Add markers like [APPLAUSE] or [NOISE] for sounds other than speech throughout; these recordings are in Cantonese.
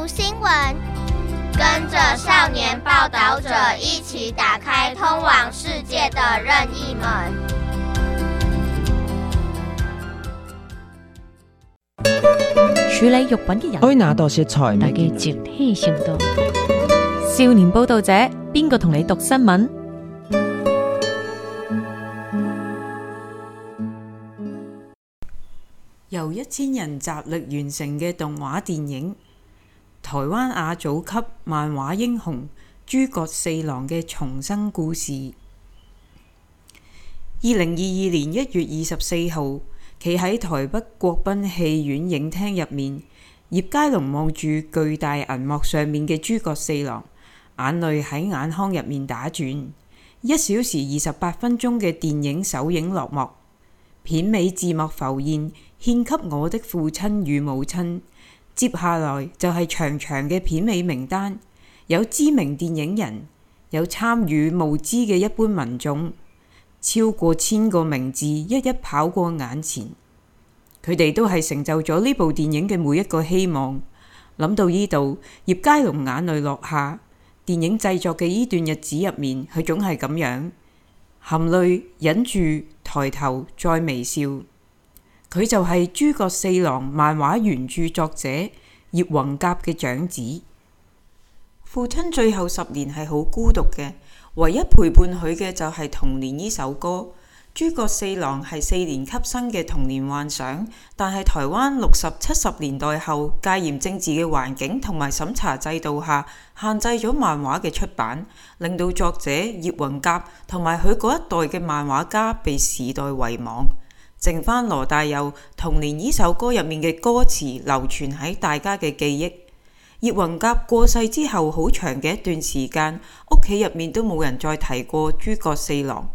讀新聞，跟着少年報道者一起打開通往世界的任意門。處理肉品嘅人可以拿到食材嘅整體程度。 [NOISE] 少年報道者，邊個同你讀新聞？ [NOISE] 由一千人集力完成嘅動畫電影。台灣阿祖級漫畫英雄諸葛四郎嘅重生故事。二零二二年一月二十四號，企喺台北國賓戲院影廳入面，葉佳龍望住巨大銀幕上面嘅諸葛四郎，眼淚喺眼眶入面打轉。一小時二十八分鐘嘅電影首映落幕，片尾字幕浮現：獻給我的父親與母親。接下來就係長長嘅片尾名單，有知名電影人，有參與募資嘅一般民眾，超過千個名字一一跑過眼前，佢哋都係成就咗呢部電影嘅每一個希望。諗到呢度，葉佳龍眼淚落下。電影製作嘅呢段日子入面，佢總係咁樣含淚忍住，抬頭再微笑。佢就係《諸葛四郎》漫畫原著作者葉宏甲嘅長子。父親最後十年係好孤獨嘅，唯一陪伴佢嘅就係《童年》呢首歌。《諸葛四郎》係四年級生嘅童年幻想，但係台灣六十七十年代後戒嚴政治嘅環境同埋審查制度下，限制咗漫畫嘅出版，令到作者葉宏甲同埋佢嗰一代嘅漫畫家被時代遺忘。剩翻羅大佑童年呢首歌入面嘅歌詞流傳喺大家嘅記憶。葉宏甲過世之後，好長嘅一段時間，屋企入面都冇人再提過諸葛四郎。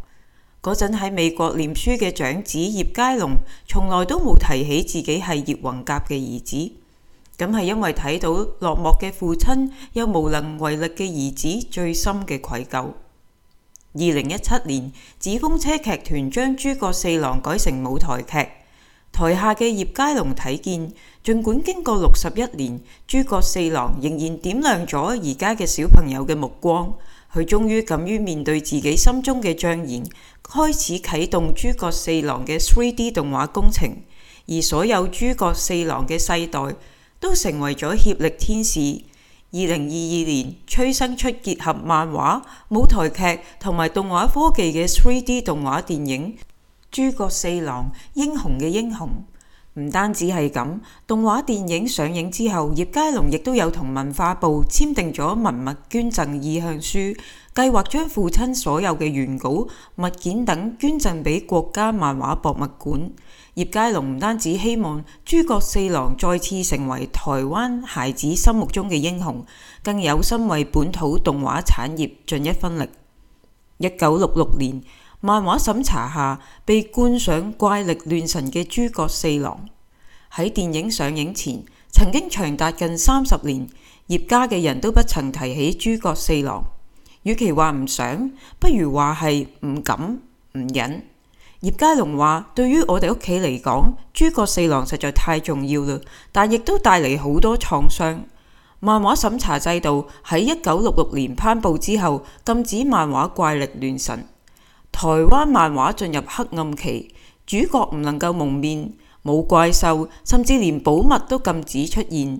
嗰陣喺美國念書嘅長子葉佳龍，從來都冇提起自己係葉宏甲嘅兒子。咁係因為睇到落寞嘅父親，又無能為力嘅兒子，最深嘅愧疚。二零一七年，紫風車劇團將《諸葛四郎》改成舞台劇，台下嘅葉佳龍睇見，儘管經過六十一年，《諸葛四郎》仍然點亮咗而家嘅小朋友嘅目光。佢終於敢於面對自己心中嘅障礙，開始啟動《諸葛四郎》嘅 3D 動畫工程，而所有《諸葛四郎》嘅世代都成為咗協力天使。二零二二年催生出結合漫畫、舞台劇同埋動畫科技嘅 3D 動畫電影《諸葛四郎：英雄嘅英雄》。唔單止係咁，動畫電影上映之後，葉佳龍亦都有同文化部簽訂咗文物捐贈意向書。計劃將父親所有嘅原稿、物件等捐贈俾國家漫畫博物館。葉佳龍唔單止希望諸葛四郎再次成為台灣孩子心目中嘅英雄，更有心為本土動畫產業盡一分力。一九六六年，漫畫審查下被冠上怪力亂神嘅諸葛四郎喺電影上映前，曾經長達近三十年，葉家嘅人都不曾提起諸葛四郎。與其話唔想，不如話係唔敢、唔忍。葉佳龍話：對於我哋屋企嚟講，諸葛四郎實在太重要啦，但亦都帶嚟好多創傷。漫畫審查制度喺一九六六年頒布之後，禁止漫畫怪力亂神，台灣漫畫進入黑暗期。主角唔能夠蒙面，冇怪獸，甚至連寶物都禁止出現。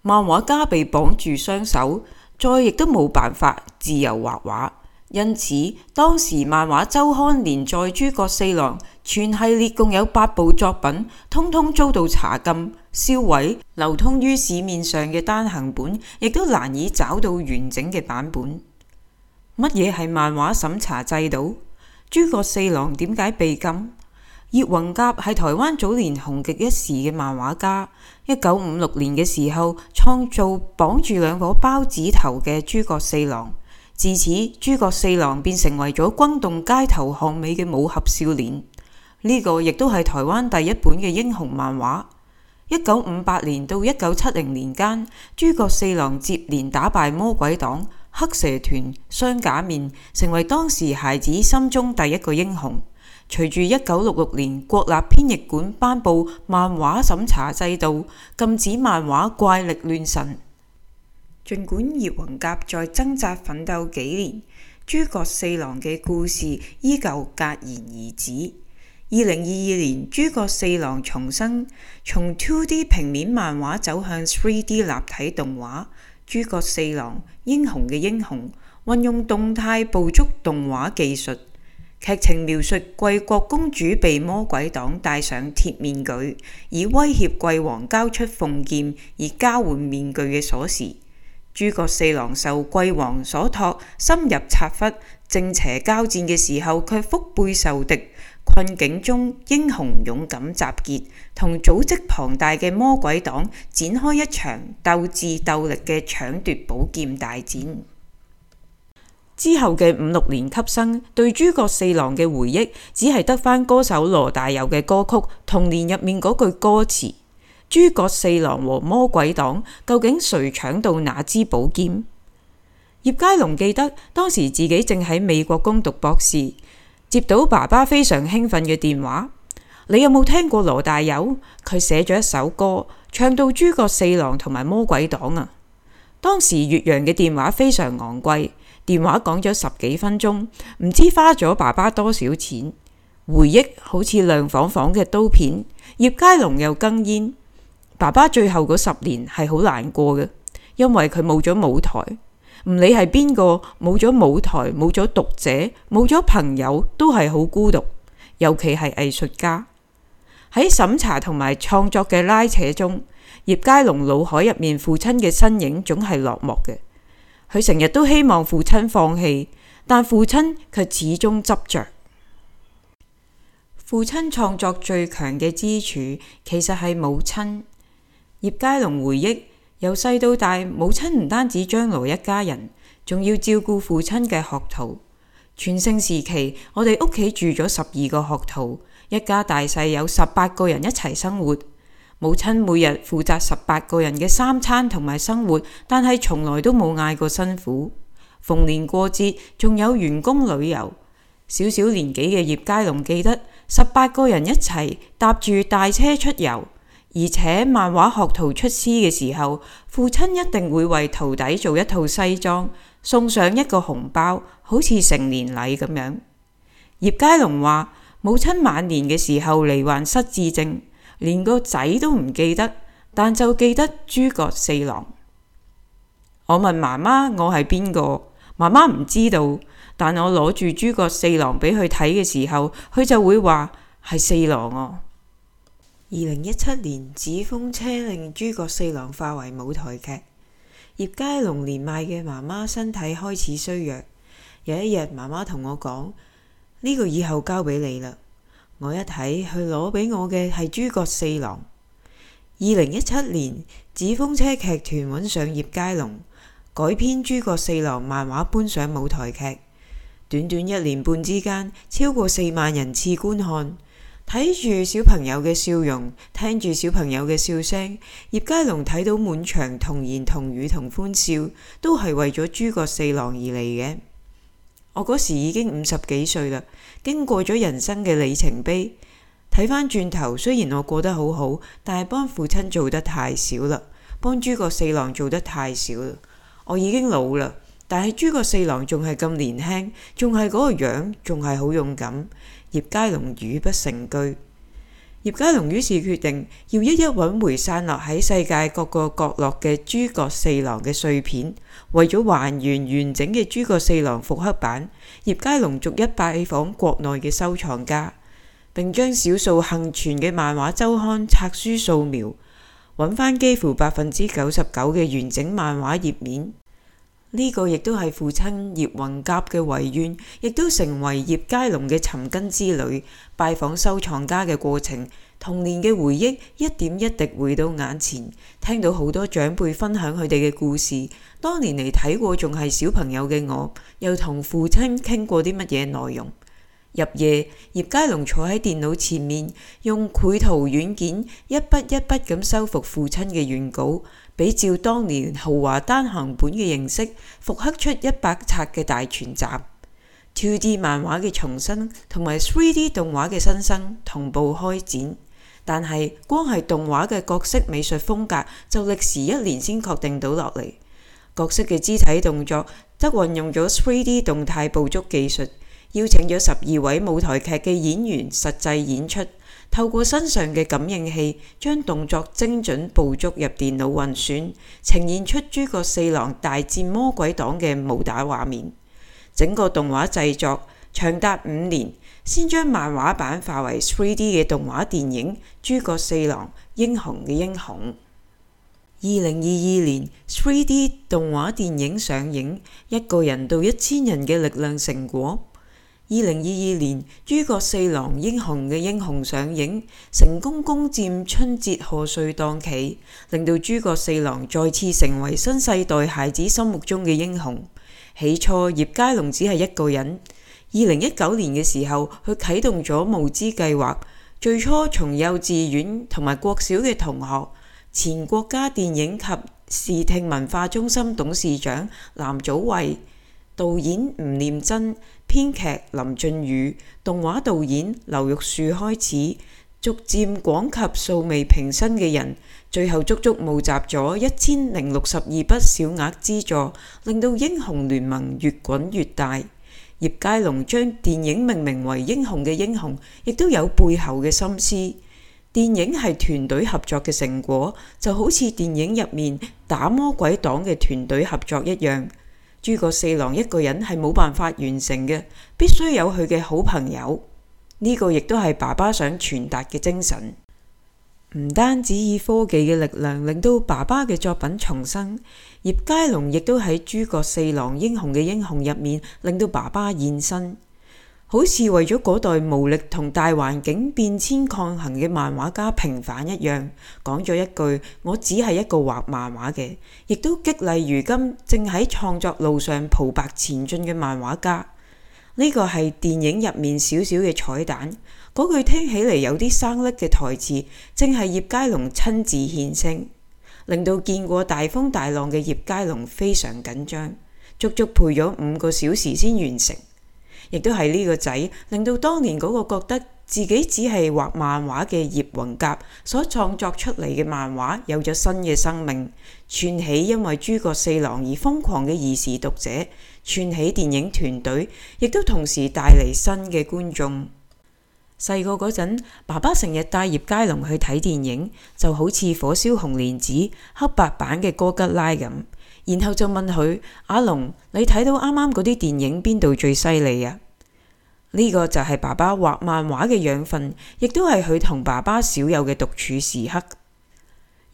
漫畫家被綁住雙手。再亦都冇辦法自由畫畫，因此當時漫畫周刊連載《諸葛四郎》全系列共有八部作品，通通遭到查禁、銷毀，流通於市面上嘅單行本亦都難以找到完整嘅版本。乜嘢係漫畫審查制度？《諸葛四郎》點解被禁？葉宏甲係台灣早年紅極一時嘅漫畫家，一九五六年嘅時候創造綁住兩個包子頭嘅諸葛四郎，自此諸葛四郎便成為咗轟動街頭巷尾嘅武俠少年。呢個亦都係台灣第一本嘅英雄漫畫。一九五八年到一九七零年間，諸葛四郎接連打敗魔鬼黨、黑蛇團、雙假面，成為當時孩子心中第一個英雄。隨住一九六六年國立編譯館頒布漫畫審查制度，禁止漫畫怪力亂神。盡管葉宏甲再掙扎奮鬥幾年，諸葛四郎嘅故事依舊戛然而止。二零二二年，諸葛四郎重生，從 two D 平面漫畫走向 three D 立體動畫。諸葛四郎英雄嘅英雄，運用動態捕捉動畫技術。劇情描述貴國公主被魔鬼黨戴上鐵面具，以威脅貴王交出鳳劍而交換面具嘅鎖匙。諸葛四郎受貴王所託，深入賊窟，正邪交戰嘅時候，却腹背受敵，困境中英雄勇敢集結，同組織龐大嘅魔鬼黨展開一場鬥智鬥力嘅搶奪寶劍大戰。之後嘅五六年級生對諸葛四郎嘅回憶，只係得翻歌手羅大佑嘅歌曲《童年》入面嗰句歌詞：諸葛四郎和魔鬼黨究竟誰搶到哪支寶劍？葉佳龍記得當時自己正喺美國攻讀博士，接到爸爸非常興奮嘅電話：你有冇聽過羅大佑？佢寫咗一首歌，唱到諸葛四郎同埋魔鬼黨啊！當時越洋嘅電話非常昂貴。電話講咗十幾分鐘，唔知花咗爸爸多少錢。回憶好似亮晃晃嘅刀片。葉佳龍又哽咽。爸爸最後嗰十年係好難過嘅，因為佢冇咗舞台。唔理係邊個冇咗舞台，冇咗讀者，冇咗朋友，都係好孤獨。尤其係藝術家。喺審查同埋創作嘅拉扯中，葉佳龍腦海入面父親嘅身影總係落寞嘅。佢成日都希望父親放棄，但父親卻始終執着。父親創作最強嘅支柱其實係母親。葉佳龍回憶，由細到大，母親唔單止張羅一家人，仲要照顧父親嘅學徒。全盛時期，我哋屋企住咗十二個學徒，一家大細有十八個人一齊生活。母親每日負責十八個人嘅三餐同埋生活，但係從來都冇嗌過辛苦。逢年過節，仲有員工旅遊，小小年紀嘅葉佳龍記得，十八個人一齊搭住大車出遊，而且漫畫學徒出師嘅時候，父親一定會為徒弟做一套西裝，送上一個紅包，好似成年禮咁樣。葉佳龍話，母親晚年嘅時候罹患失智症。連個仔都唔記得，但就記得諸葛四郎。我問媽媽我係邊個？媽媽唔知道，但我攞住諸葛四郎俾佢睇嘅時候，佢就會話係四郎哦。二零一七年，紙風車令諸葛四郎化為舞台劇。葉佳龍年邁嘅媽媽身體開始衰弱，有一日媽媽同我講：呢個以後交俾你啦。我一睇，佢攞俾我嘅係《諸葛四郎》。二零一七年，紫風車劇團搵上葉佳龍，改編《諸葛四郎》漫畫搬上舞台劇。短短一年半之間，超過四萬人次觀看，睇住小朋友嘅笑容，聽住小朋友嘅笑聲，葉佳龍睇到滿場童言童語同歡笑，都係為咗《諸葛四郎》而嚟嘅。我嗰時已經五十幾歲啦，經過咗人生嘅里程碑，睇翻轉頭，雖然我過得好好，但係幫父親做得太少啦，幫諸葛四郎做得太少啦。我已經老啦，但係諸葛四郎仲係咁年輕，仲係嗰個樣，仲係好勇敢。葉佳龍語不成句。葉佳龍於是決定要一一揾回散落喺世界各個角落嘅《諸葛四郎》嘅碎片，為咗還原完整嘅《諸葛四郎》復刻版，葉佳龍逐一拜訪國內嘅收藏家，並將少數幸存嘅漫畫周刊拆書掃描，揾返幾乎百分之九十九嘅完整漫畫頁面。呢個亦都係父親葉宏甲嘅遺願，亦都成為葉佳龍嘅尋根之旅。拜訪收藏家嘅過程，童年嘅回憶一點一滴回到眼前。聽到好多長輩分享佢哋嘅故事，當年嚟睇過仲係小朋友嘅我，又同父親傾過啲乜嘢內容。入夜，葉佳龍坐喺電腦前面，用繪圖軟件一筆一筆咁修復父親嘅原稿。比照當年豪華單行本嘅形式，復刻出一百冊嘅大全集。2D 漫畫嘅重生同埋 3D 動畫嘅新生同步開展，但係光係動畫嘅角色美術風格就歷時一年先確定到落嚟。角色嘅肢體動作則運用咗 3D 動態捕捉技術，邀請咗十二位舞台劇嘅演員實際演出。透過身上嘅感應器，將動作精準捕捉入電腦運算，呈現出《諸葛四郎大戰魔鬼黨》嘅武打畫面。整個動畫製作長達五年，先將漫畫版化為 3D 嘅動畫電影《諸葛四郎：英雄嘅英雄》。二零二二年，3D 動畫電影上映，一個人到一千人嘅力量成果。二零二二年《諸葛四郎英雄》嘅英雄上映，成功攻佔春節賀歲檔期，令到諸葛四郎再次成為新世代孩子心目中嘅英雄。起初，葉佳龍只係一個人。二零一九年嘅時候，佢啟動咗募資計劃，最初從幼稚園同埋國小嘅同學，前國家電影及視聽文化中心董事長藍祖蔚，導演吳念真。編劇林俊宇、動畫導演劉玉樹開始，逐漸廣及素昧平生嘅人，最後足足募集咗一千零六十二筆小額資助，令到英雄聯盟越滾越大。葉佳龍將電影命名為《英雄嘅英雄》，亦都有背後嘅心思。電影係團隊合作嘅成果，就好似電影入面打魔鬼黨嘅團隊合作一樣。諸葛四郎一個人係冇辦法完成嘅，必須有佢嘅好朋友。呢、這個亦都係爸爸想傳達嘅精神。唔單止以科技嘅力量令到爸爸嘅作品重生，葉佳龍亦都喺諸葛四郎英雄嘅英雄入面令到爸爸現身。好似為咗嗰代無力同大環境變遷抗衡嘅漫畫家平反一樣，講咗一句：我只係一個畫漫畫嘅，亦都激勵如今正喺創作路上蒲白前進嘅漫畫家。呢個係電影入面少少嘅彩蛋，嗰句聽起嚟有啲生粒嘅台詞，正係葉佳龍親自獻聲，令到見過大風大浪嘅葉佳龍非常緊張，足足陪咗五個小時先完成。亦都係呢個仔令到當年嗰個覺得自己只係畫漫畫嘅葉宏甲所創作出嚟嘅漫畫有咗新嘅生命，串起因為《諸葛四郎》而瘋狂嘅兒時讀者，串起電影團隊，亦都同時帶嚟新嘅觀眾。細個嗰陣，爸爸成日帶葉佳龍去睇電影，就好似《火燒紅蓮子》黑白版嘅哥吉拉咁，然後就問佢：阿龍，你睇到啱啱嗰啲電影邊度最犀利啊？呢個就係爸爸畫漫畫嘅養分，亦都係佢同爸爸少有嘅獨處時刻。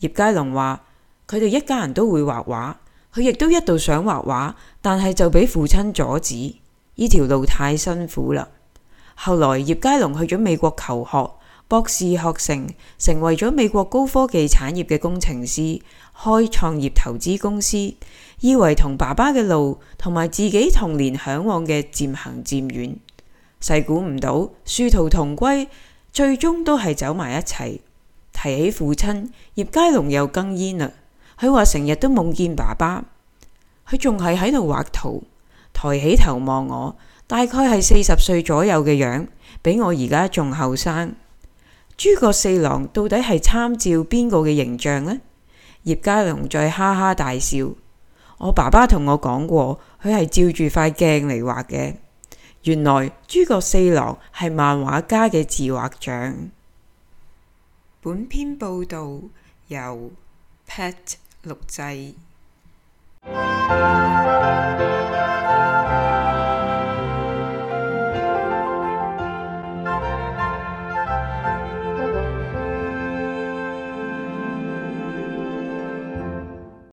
葉佳龍話：佢哋一家人都會畫畫，佢亦都一度想畫畫，但係就俾父親阻止。呢條路太辛苦啦。後來葉佳龍去咗美國求學，博士學成，成為咗美國高科技產業嘅工程師，開創業投資公司，以為同爸爸嘅路同埋自己童年向往嘅漸行漸遠。細估唔到殊途同歸，最終都係走埋一齊。提起父親葉佳龍又哽咽啦，佢話成日都夢見爸爸，佢仲係喺度畫圖，抬起頭望我，大概係四十歲左右嘅樣，比我而家仲後生。諸葛四郎到底係參照邊個嘅形象呢？葉佳龍再哈哈大笑，我爸爸同我講過，佢係照住塊鏡嚟畫嘅。原來諸葛四郎係漫畫家嘅自畫像。本篇報導由 Pat 錄製。